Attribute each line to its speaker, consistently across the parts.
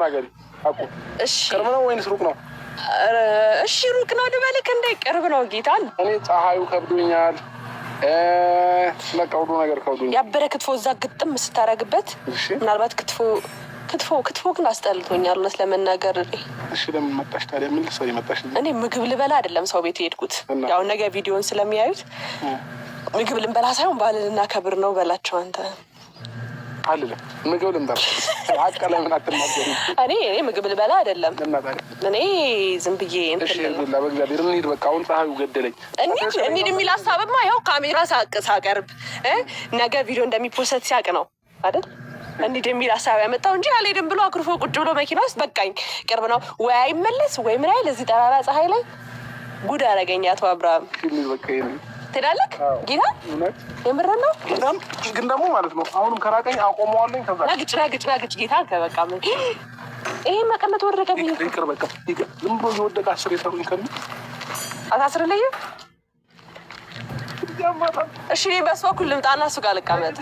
Speaker 1: ተናገሪ። እሺ ቅርብ ነው ወይንስ ሩቅ ነው?
Speaker 2: እሺ ሩቅ ነው ልበልክ? እንደ ቅርብ ነው ጌታ።
Speaker 1: እኔ ፀሐዩ ከብዶኛል፣ በቃ ሁሉ ነገር ከብዶኛል።
Speaker 2: ያበረ ክትፎ እዛ ግጥም ስታረግበት ምናልባት ክትፎ ክትፎ ክትፎ ግን አስጠልቶኛል፣ እውነት ለመናገር
Speaker 1: እሺ። ለምን መጣሽ ታዲያ? ምን ልትሰሪ መጣሽ?
Speaker 2: እኔ ምግብ ልበላ አይደለም ሰው ቤት የሄድኩት፣ ያው ነገ ቪዲዮን ስለሚያዩት ምግብ ልንበላ ሳይሆን ባልልና ከብር ነው በላቸው አንተ
Speaker 1: አልልም። ምግብ ልምበላ ሀቅ ለምን አትናገሪ?
Speaker 2: እኔ እኔ ምግብ ልበላ አይደለም እኔ ዝም ብዬ
Speaker 1: ላ በእግዚአብሔር እንሂድ። በቃ አሁን ፀሐዩ ገደለኝ።
Speaker 2: እንሂድ እንሂድ የሚል ሀሳብማ ያው ካሜራ ሳቅ ሳቀርብ ነገ ቪዲዮ እንደሚፖሰት ሲያቅ ነው አይደል እንዲህ የሚል ሀሳብ ያመጣው እንጂ አልሄድም ብሎ አኩርፎ ቁጭ ብሎ መኪና ውስጥ በቃኝ፣ ቅርብ ነው ወይ አይመለስ ወይ ምን አይል እዚህ ጠራራ ፀሐይ ላይ ጉድ አደረገኝ አቶ አብርሃም። ትሄዳለህ ጌታ የምር ነው።
Speaker 1: ግን ደግሞ ማለት ነው አሁንም ከራቀኝ አቆመዋለኝ። ከዛ
Speaker 2: ራግጭ ራግጭ ራግጭ ጌታ ከበቃ ይሄ መቀመጥ ወረቀ
Speaker 1: ይቅር በቃ ይቅር። ዝም ብሎ የወደቀ አስር የሰሩኝ ከሚ
Speaker 2: አታስር ለየ እሺ፣ በሱ በኩል ልምጣና እሱ ጋር ልቀመጥ፣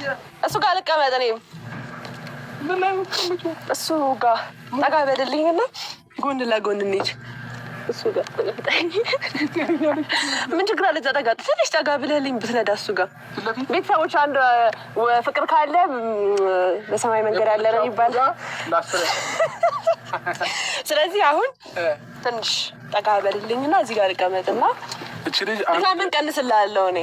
Speaker 2: እሱ ጋር ልቀመጥ። እኔም እሱ ጋር ጠጋ በደልኝና ጎን ለጎን እንሂድ እሱ ጋር ምን ችግር አለ? እዛ ጠጋ ትንሽ ጠጋ ብለህልኝ ብትነዳ እሱ ጋር ቤተሰቦች አንድ ፍቅር ካለ በሰማይ መንገድ አለ ነው ይባላል። ስለዚህ አሁን ትንሽ ጠጋ በልልኝ እና እዚህ ጋር እቀመጥና ምን ቀንስልሃለሁ እኔ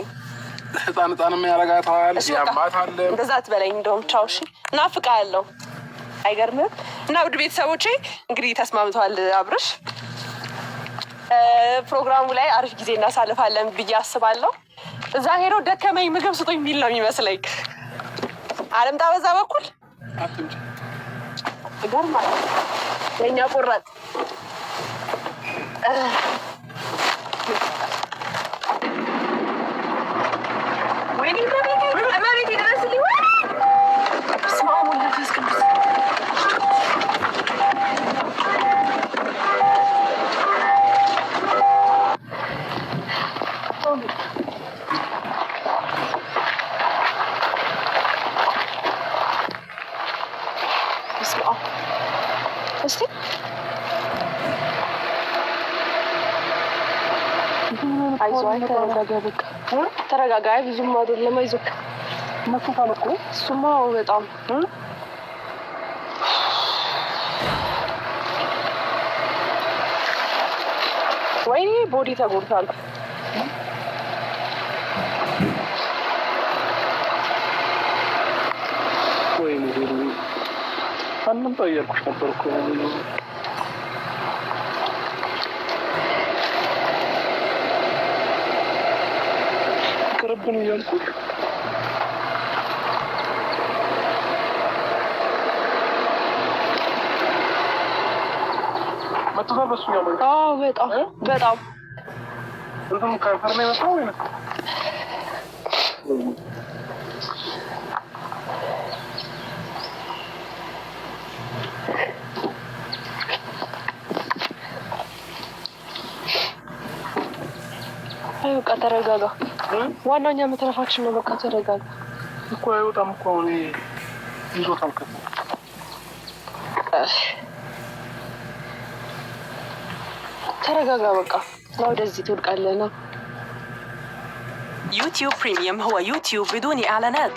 Speaker 1: ህፃን ህፃንም ያረጋታል ያማታል።
Speaker 2: እንደዛ አትበለኝ እንደውም ቻው እሺ። ናፍቃለሁ አይገርምም። እና ውድ ቤተሰቦቼ እንግዲህ ተስማምተዋል አብርሽ ፕሮግራሙ ላይ አሪፍ ጊዜ እናሳልፋለን ብዬ አስባለሁ። እዛ ሄዶ ደከመኝ ምግብ ስጡኝ የሚል ነው የሚመስለኝ። አለምጣ በዛ በኩል ገርማ ለእኛ ቆራጥ ተረጋጋ። ብዙም አይደለም። አይዞህ መቶታል እኮ እሱማ። በጣም ወይኔ ቦዲ ተጎድቷል።
Speaker 1: አንባ እያልኩሽ ነበር እኮ ልብ ነው ያልኩት። መጥቷል በሱ
Speaker 2: በጣም በጣም
Speaker 1: እንትን ከንፈር ነው የመጣው ወይ ነው
Speaker 2: ተረጋጋ። ዋናኛ እኛ መተረፋችን ነው። በቃ ተረጋጋ
Speaker 1: እኮ አይወጣም እኮ አሁን ይዞት አልከፍ
Speaker 2: ተረጋጋ። በቃ ና ወደዚህ ትወድቃለህ። ና
Speaker 3: ዩቲዩብ ፕሪሚየም ህወ ዩቲዩብ ብዱን የአለነት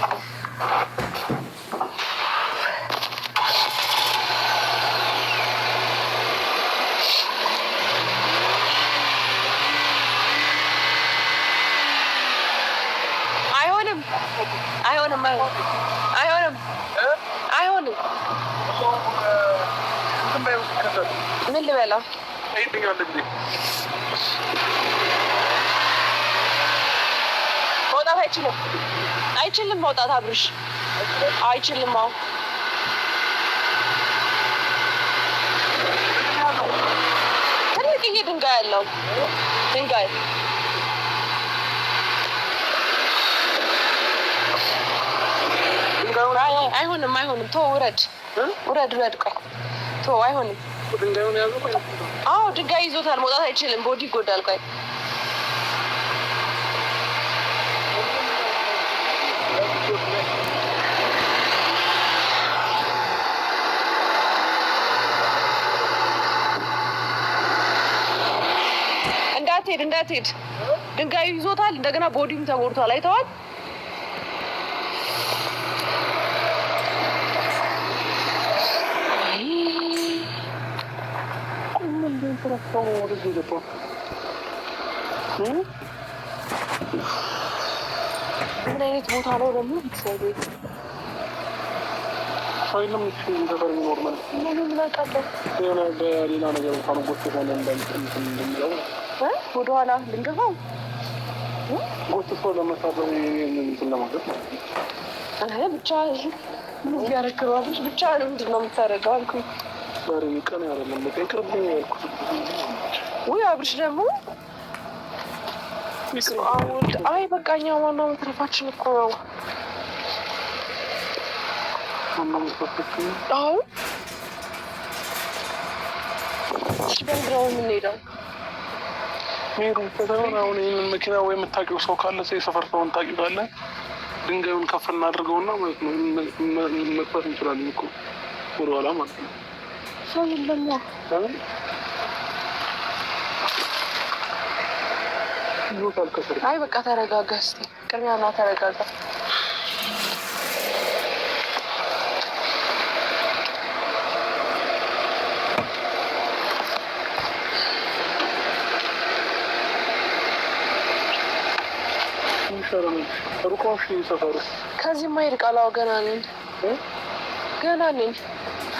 Speaker 3: Thank
Speaker 2: ምን ልበላ? መውጣት አይችልም፣ አይችልም መውጣት አብርሽ አይችልም። አዎ ትልቅዬ ድንጋይ አለው ድንጋይ አይሆንም፣ አይሆንም። ቶ ውረድ፣ ውረድ፣ ውረድ። ቆይ ቶ አይሆንም አዎ ድንጋይ ይዞታል። መውጣት አይችልም። ቦዲ ይጎዳል። ቆይ እንዳትሄድ እንዳትሄድ፣ ድንጋዩ ይዞታል። እንደገና ቦዲም ተጎድቷል። አይተዋል
Speaker 1: から下も下りていれば。ん
Speaker 2: Buraya git motorlu oranını yükseldi.
Speaker 1: Sayılamış şimdi kadar normal. Ne güzel kaldı. Yani değerli ana gelip kanı boşluk anından ben ya.
Speaker 2: He? Bu da ana lingazam.
Speaker 1: ቦትፎ ለመሳበር እንትን ለማድረግ
Speaker 2: ብቻ ምን ያረክባለች ብቻ ምንድን ነው የምታደርገው አልኩኝ።
Speaker 1: ዛሬ ቀን ያለምን ይቅርብ ያልኩት
Speaker 2: ወይ አብርሽ ደግሞ አውድ አይ በቃኛ። ዋናው መትረፋችን እኮ ነው። አሁን በምንድነው የምንሄደው?
Speaker 1: አሁን ይህንን መኪና ወይ የምታውቂው ሰው ካለ ሰው የሰፈር ሰውን ታውቂው ካለ ድንጋዩን ከፍ እናድርገውና ማለት እንችላለን እኮ ወደኋላ ማለት ነው።
Speaker 2: አይ በቃ ተረጋጋ። እስኪ ቅድሚያ ና ተረጋጋ።
Speaker 1: ሩቆሽ ሰፈሩ
Speaker 2: ከዚህ ማይርቃላው ገና ነኝ ገና ነኝ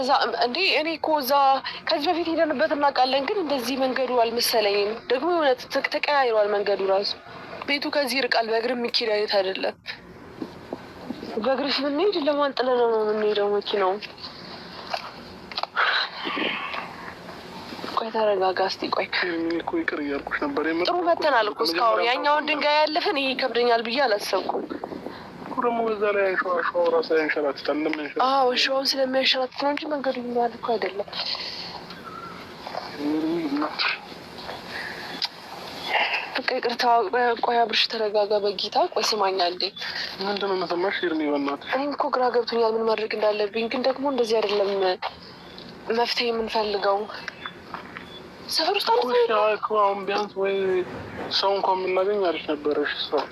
Speaker 2: እንደዛ እንዴ! እኔ እኮ እዛ ከዚህ በፊት ሄደንበት እናውቃለን፣ ግን እንደዚህ መንገዱ አልመሰለኝም። ደግሞ የሆነ ተቀያይሯል መንገዱ ራሱ። ቤቱ ከዚህ ይርቃል፣ በእግር የሚኬድ አይነት አይደለም። በእግርሽ ብንሄድ ለማን ጥለን ነው የምንሄደው? መኪናው ቆይ ተረጋጋ እስኪ። ቆይ ጥሩ መተናል እኮ እስካሁን። ያኛውን ድንጋይ ያለፍን ይሄ ይከብደኛል ብዬ አላሰብኩም።
Speaker 1: ደግሞ በዛ ላይ ሸዋው ራሱ ያንሸራትታል። ለምን
Speaker 2: ሸዋውን ስለሚያንሸራትት ነው እንጂ መንገዱ ይመል እኮ አይደለም። በቃ ይቅርታ። ቆይ አብርሽ ተረጋጋ። በጌታ ቆይ ስማኝ አለኝ።
Speaker 1: ምንድን ነው የምትማሽ? ይርሚ በእናትህ
Speaker 2: እኔም እኮ ግራ ገብቶኛል ምን ማድረግ እንዳለብኝ። ግን ደግሞ እንደዚህ አይደለም መፍትሄ የምንፈልገው ሰፈር ውስጥ
Speaker 1: አሁን ቢያንስ ወይ ሰው እንኳን የምናገኝ አሪፍ ነበረሽ ሰው